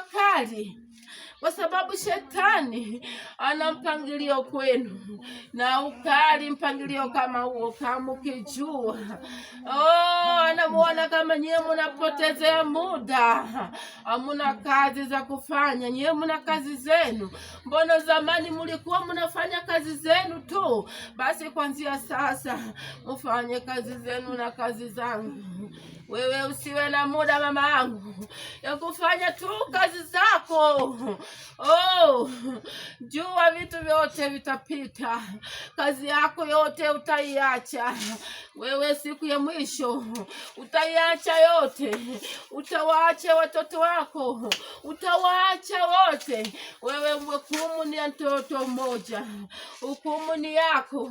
tafakari, kwa sababu shetani ana mpangilio kwenu na ukali mpangilio kama huo, kama ukijua oh, anamuona kama nyiwe munapotezea muda, hamuna kazi za kufanya, nyiwe muna kazi zenu. Mbona zamani mulikuwa munafanya kazi zenu tu? Basi kwanzia sasa mufanye kazi zenu na kazi zangu wewe usiwe na muda mama yangu ya kufanya tu kazi zako. Oh, jua vitu vyote vitapita, kazi yako yote utaiacha. Wewe siku ya mwisho utaiacha yote, utawaacha watoto wako, utawaacha wote. Wewe hukumu ni ya mtoto mmoja, hukumu ni yako,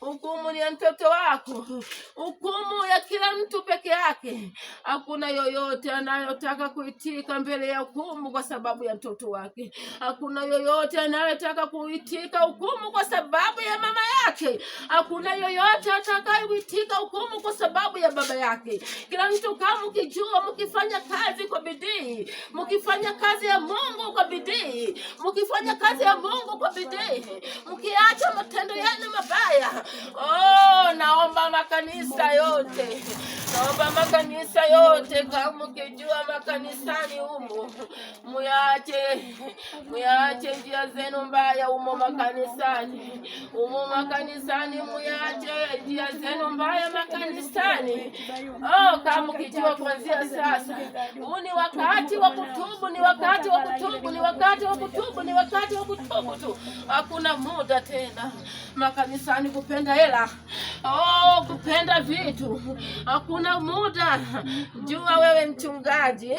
hukumu ni ya mtoto wako, hukumu ya kila mtu peke yake. Hakuna yoyote anayotaka kuitika mbele ya hukumu kwa sababu ya mtoto wake. Hakuna yoyote anayotaka kuitika hukumu kwa sababu ya yake. Hakuna yoyote atakayewitika hukumu kwa sababu ya baba yake. Kila mtu kama ukijua mkifanya kazi kwa bidii, mkifanya kazi ya Mungu kwa bidii, mkifanya kazi ya Mungu kwa bidii, mkiacha matendo yenu mabaya oh, makanisa yote, naomba makanisa yote, kama mkijua makanisani humo, muyaache muyaache njia zenu mbaya humo makanisani, humo makanisani, muyaache njia zenu mbaya makanisani. Oh, kama mkijua kuanzia sasa, huu ni wakati wa kutubu, ni wakati wa kutubu, ni wakati wa kutubu, ni wakati wa kutubu tu, hakuna muda tena makanisani kupenda hela. Oh, kupenda vitu hakuna muda. Jua wewe mchungaji,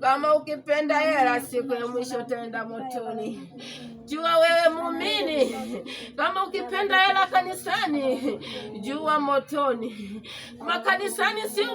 kama ukipenda hela, siku ya mwisho utaenda motoni. Jua wewe muumini, kama ukipenda hela kanisani, jua motoni. Makanisani si